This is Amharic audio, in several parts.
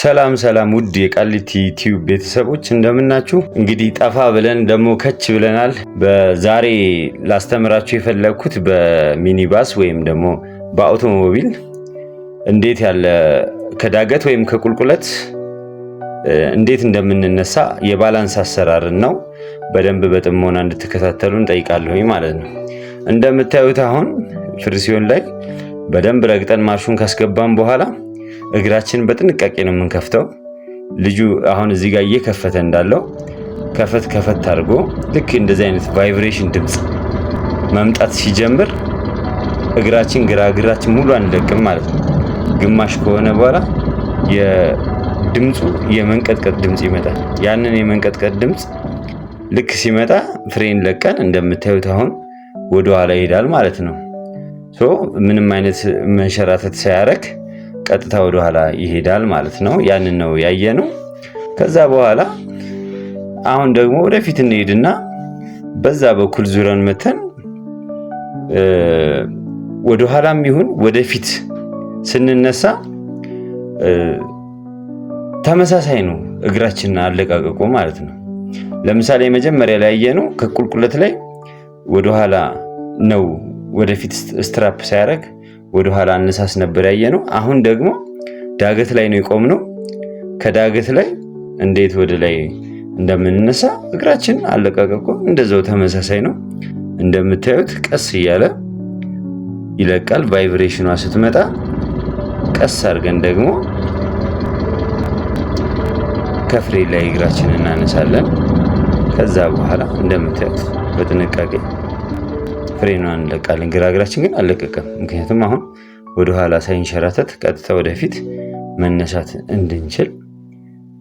ሰላም ሰላም ውድ የቃሊቲ ቲዩብ ቤተሰቦች እንደምናችሁ። እንግዲህ ጠፋ ብለን ደግሞ ከች ብለናል። በዛሬ ላስተምራችሁ የፈለግኩት በሚኒባስ ወይም ደግሞ በአውቶሞቢል እንዴት ያለ ከዳገት ወይም ከቁልቁለት እንዴት እንደምንነሳ የባላንስ አሰራርን ነው። በደንብ በጥሞና እንድትከታተሉ እንጠይቃለሁኝ ማለት ነው። እንደምታዩት አሁን ፍርሲዮን ላይ በደንብ ረግጠን ማርሹን ካስገባን በኋላ እግራችንን በጥንቃቄ ነው የምንከፍተው። ልጁ አሁን እዚህ ጋር እየከፈተ እንዳለው ከፈት ከፈት አድርጎ ልክ እንደዚህ አይነት ቫይብሬሽን ድምፅ መምጣት ሲጀምር እግራችን ግራ እግራችን ሙሉ አንለቅም ማለት ነው። ግማሽ ከሆነ በኋላ የድምፁ የመንቀጥቀጥ ድምፅ ይመጣል። ያንን የመንቀጥቀጥ ድምፅ ልክ ሲመጣ ፍሬን ለቀን እንደምታዩት አሁን ወደኋላ ይሄዳል ማለት ነው። ሶ ምንም አይነት መንሸራተት ሳያረግ ቀጥታ ወደኋላ ይሄዳል ማለት ነው። ያንን ነው ያየ ነው። ከዛ በኋላ አሁን ደግሞ ወደፊት እንሄድና በዛ በኩል ዙረን መተን ወደኋላም ይሁን ወደፊት ስንነሳ ተመሳሳይ ነው እግራችንን አለቃቀቁ ማለት ነው። ለምሳሌ መጀመሪያ ላይ ያየነው ከቁልቁለት ላይ ወደኋላ ነው ወደፊት ስትራፕ ሳያደርግ ወደኋላ አነሳስ ነበር ያየ ነው። አሁን ደግሞ ዳገት ላይ ነው የቆም ነው። ከዳገት ላይ እንዴት ወደ ላይ እንደምንነሳ እግራችን አለቃቀቆ እንደዛው ተመሳሳይ ነው። እንደምታዩት ቀስ እያለ ይለቃል። ቫይብሬሽኗ ስትመጣ ቀስ አድርገን ደግሞ ከፍሬ ላይ እግራችን እናነሳለን። ከዛ በኋላ እንደምታዩት በጥንቃቄ ፍሬኗን እንለቃለን። ግራግራችን ግን አለቀቀም ምክንያቱም አሁን ወደኋላ ሳይንሸራተት ቀጥታ ወደፊት መነሳት እንድንችል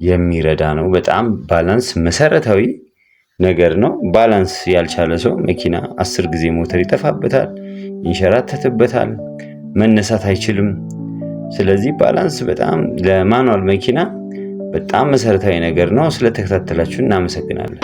የሚረዳ ነው። በጣም ባላንስ መሰረታዊ ነገር ነው። ባላንስ ያልቻለ ሰው መኪና አስር ጊዜ ሞተር ይጠፋበታል፣ ይንሸራተትበታል፣ መነሳት አይችልም። ስለዚህ ባላንስ በጣም ለማኑዋል መኪና በጣም መሰረታዊ ነገር ነው። ስለተከታተላችሁ እናመሰግናለን።